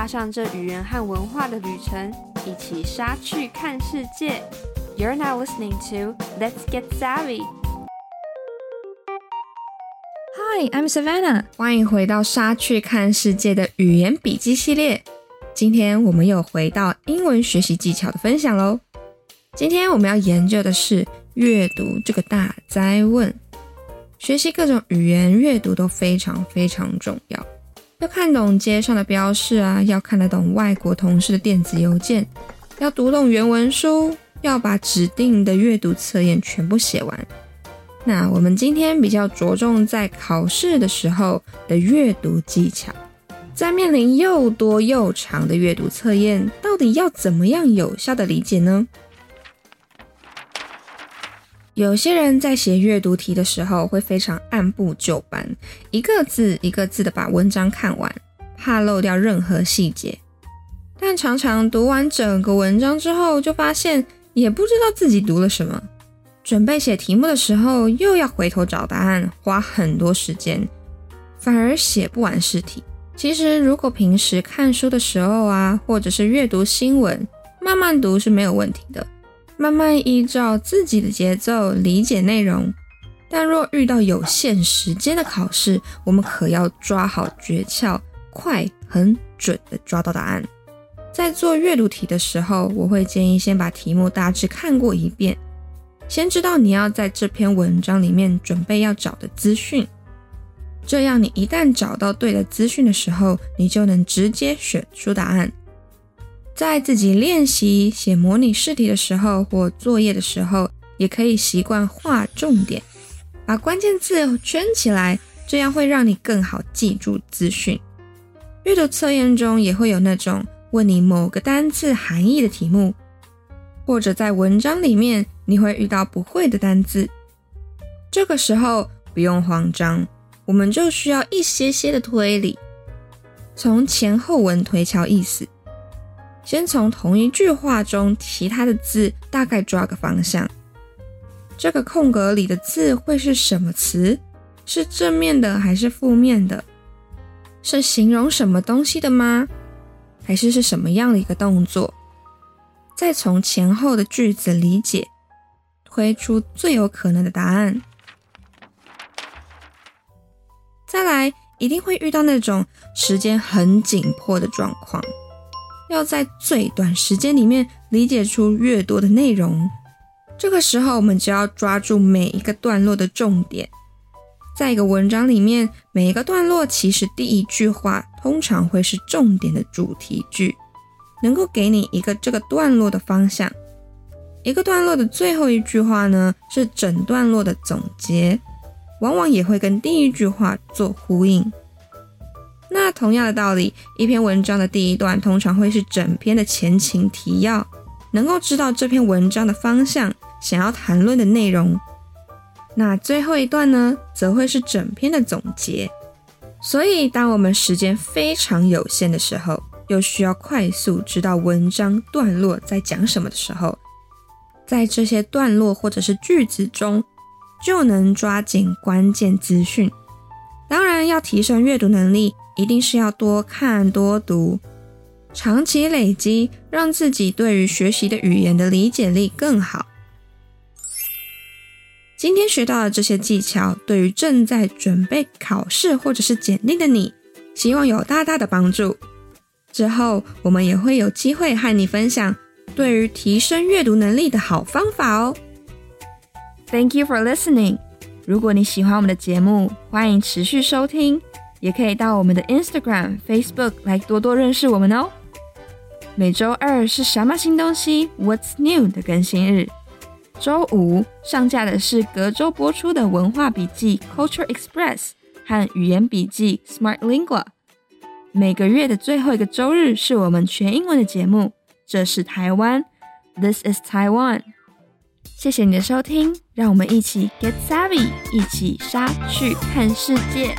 踏上這語言和文化的旅程，一起莎去看世界。You're now listening to Let's Get Savvy. Hi, I'm Savannah. 歡迎回到《莎去看世界》的語言筆記系列。今天我們又回到英文學習技巧的分享嘍。今天我們要研究的是閱讀這個大哉問。學習各種語言閱讀都非常非常重要。要看懂街上的標示啊，要看得懂外國同事的電子郵件，要讀懂原文書，要把指定的閱讀測驗全部寫完。那我們今天比較着重在考試的時候的閱讀技巧，在面臨又多又長的閱讀測驗，到底要怎麼樣有效的理解呢？有些人在寫閱讀題的時候會非常按部就班，一個字一個字的把文章看完，怕漏掉任何細節。但常常讀完整個文章之後，就發現也不知道自己讀了什麼。準備寫題目的時候，又要回頭找答案，花很多時間，反而寫不完試題。其實，如果平時看書的時候啊，或者是閱讀新聞，慢慢讀是沒有問題的。慢慢依照自己的節奏理解內容，但若遇到有限時間的考試，我們可要抓好訣竅，快狠準地抓到答案。在做閱讀題的時候，我會建議先把題目大致看過一遍，先知道你要在這篇文章裡面準備要找的資訊，這樣你一旦找到對的資訊的時候，你就能直接選出答案。在自己練習寫模擬試題的時候或作業的時候，也可以習慣畫重點，把關鍵字圈起來，這樣會讓你更好記住資訊。閱讀測驗中也會有那種問你某個單字含義的題目，或者在文章裡面你會遇到不會的單字，這個時候不用慌張，我們就需要一些些的推理，從前後文推敲意思。先從同一句話中其他的字大概抓個方向，這個空格裡的字會是什麼詞？是正面的還是負面的？是形容什麼東西的嗎？還是是什麼樣的一個動作？再從前後的句子理解，推出最有可能的答案。再來，一定會遇到那種時間很緊迫的狀況。要在最短時間裡面理解出越多的內容，這個時候我們就要抓住每一個段落的重點。在一個文章裡面，每一個段落其實第一句話通常會是重點的主題句，能夠給你一個這個段落的方向。一個段落的最後一句話呢，是整段落的總結，往往也會跟第一句話做呼應。那同樣的道理，一篇文章的第一段通常會是整篇的前情提要，能夠知道這篇文章的方向，想要談論的內容。那最後一段呢，則會是整篇的總結。所以，當我們時間非常有限的時候，又需要快速知道文章段落在講什麼的時候，在這些段落或者是句子中，就能抓緊關鍵資訊。當然，要提升閱讀能力，一定是要多看多讀，長期累積，讓自己對於學習的語言的理解力更好。今天學到的這些技巧，對於正在準備考試或者是檢定的你，希望有大大的幫助。之後我們也會有機會和你分享對於提升閱讀能力的好方法哦。Thank you for listening。如果你喜歡我們的節目，歡迎持續收聽。也可以到我們的 Instagram、Facebook 來多多認識我們哦。每周二是什麼新東西？What's New 的更新日。周五上架的是隔周播出的文化筆記 Culture Express 和語言筆記 Smart Lingua。每個月的最後一個周日是我們全英文的節目。這是台灣，This is Taiwan。謝謝你的收聽，讓我們一起 get savvy，一起莎去看世界。